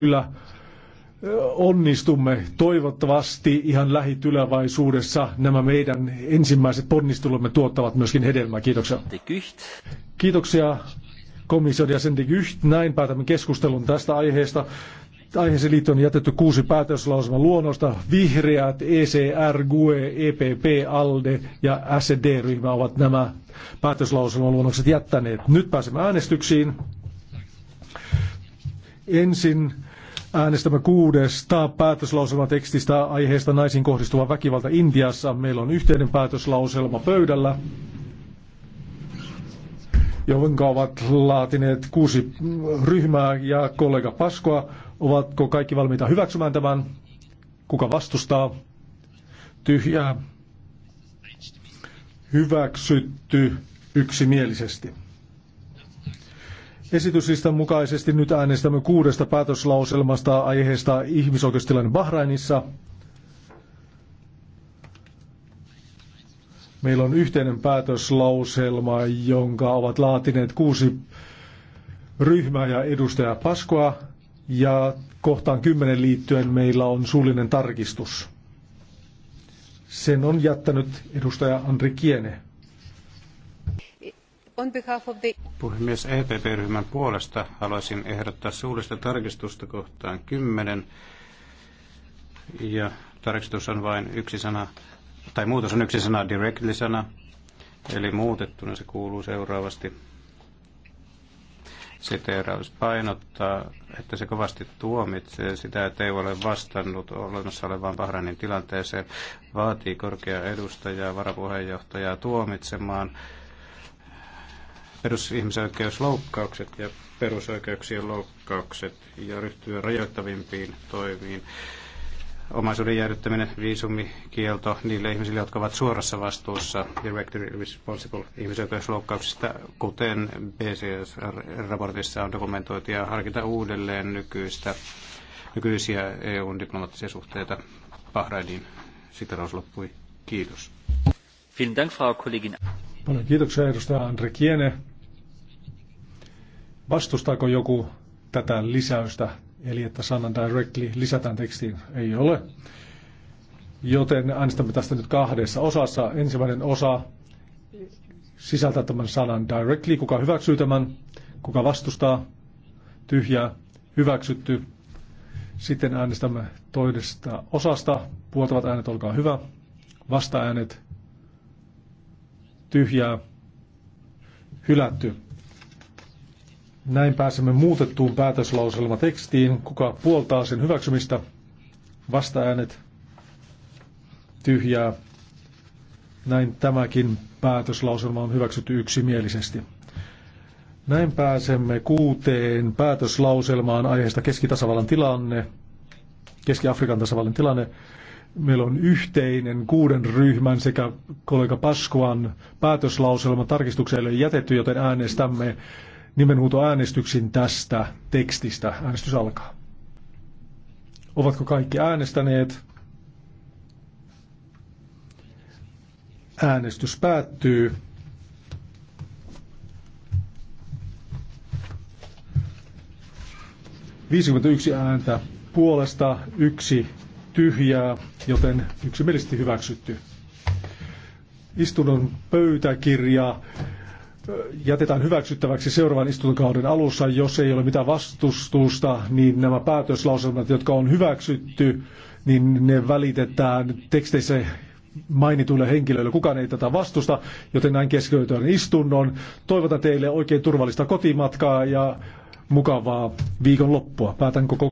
kyllä onnistumme toivottavasti ihan lähitulevaisuudessa. Nämä meidän ensimmäiset ponnistelumme tuottavat myöskin hedelmää. Kiitoksia. Kiitoksia komission jäsen de Gucht. Näin päätämme keskustelun tästä aiheesta. Aiheeseen liittyen on jätetty kuusi päätöslausuman luonnosta. Vihreät, ECR, GUE, EPP, ALDE ja SED-ryhmä ovat nämä päätöslausuman luonnokset jättäneet. Nyt pääsemme äänestyksiin. Ensin äänestämme kuudesta päätöslauselmatekstistä aiheesta naisiin kohdistuva väkivalta Intiassa. Meillä on yhteinen päätöslauselma pöydällä, jonka ovat laatineet kuusi ryhmää ja kollega Paskoa. Ovatko kaikki valmiita hyväksymään tämän? Kuka vastustaa? Tyhjää. Hyväksytty yksimielisesti. Esityslistan mukaisesti nyt äänestämme kuudesta päätöslauselmasta aiheesta ihmisoikeustilanne Bahrainissa. Meillä on yhteinen päätöslauselma, jonka ovat laatineet kuusi ryhmää ja edustaja Paskoa. Ja kohtaan kymmenen liittyen meillä on suullinen tarkistus. Sen on jättänyt edustaja Andri Kiene. On behalf of the Puhemies EPP-ryhmän puolesta haluaisin ehdottaa suullista tarkistusta kohtaan 10. Ja tarkistus on vain yksi sana, tai muutos on yksi sana, directly-sana, eli muutettuna se kuuluu seuraavasti. Siteeraus painottaa, että se kovasti tuomitsee sitä, että ei ole vastannut olemassa olevaan Bahrainin tilanteeseen, vaatii korkeaa edustajaa, varapuheenjohtajaa tuomitsemaan perusihmisoikeusloukkaukset ja perusoikeuksien loukkaukset ja ryhtyä rajoittavimpiin toimiin. Omaisuuden jäädyttäminen, viisumikielto niille ihmisille, jotka ovat suorassa vastuussa Directory responsible ihmisoikeusloukkauksista, kuten BCS-raportissa on dokumentoitu, ja harkita uudelleen nykyistä, nykyisiä eu diplomaattisia suhteita Bahrainiin. Siteraus loppui. Kiitos. Vielen Dank, Frau Kollegin. Paljon kiitoksia edustaja Andre Kiene. Vastustaako joku tätä lisäystä, eli että sanan directly lisätään tekstiin? Ei ole. Joten äänestämme tästä nyt kahdessa osassa. Ensimmäinen osa sisältää tämän sanan directly. Kuka hyväksyy tämän? Kuka vastustaa? Tyhjää. Hyväksytty. Sitten äänestämme toisesta osasta. Puoltavat äänet, olkaa hyvä. Vasta-äänet, tyhjää hylätty. Näin pääsemme muutettuun päätöslauselmatekstiin. Kuka puoltaa sen hyväksymistä? Vastaäänet tyhjää. Näin tämäkin päätöslauselma on hyväksytty yksimielisesti. Näin pääsemme kuuteen päätöslauselmaan aiheesta Keski-Tasavallan tilanne, Keski-Afrikan tilanne. Meillä on yhteinen kuuden ryhmän sekä kollega Paskuan päätöslauselman tarkistukselle jätetty, joten äänestämme äänestyksin tästä tekstistä. Äänestys alkaa. Ovatko kaikki äänestäneet? Äänestys päättyy. Viisikymmentäyksi ääntä puolesta, yksi tyhjää, joten yksimielisesti hyväksytty. Istunnon pöytäkirja jätetään hyväksyttäväksi seuraavan istuntokauden alussa. Jos ei ole mitään vastustusta, niin nämä päätöslauselmat, jotka on hyväksytty, niin ne välitetään teksteissä mainituille henkilöille. Kukaan ei tätä vastusta, joten näin keskeytään istunnon. Toivotan teille oikein turvallista kotimatkaa ja mukavaa viikonloppua. Päätän koko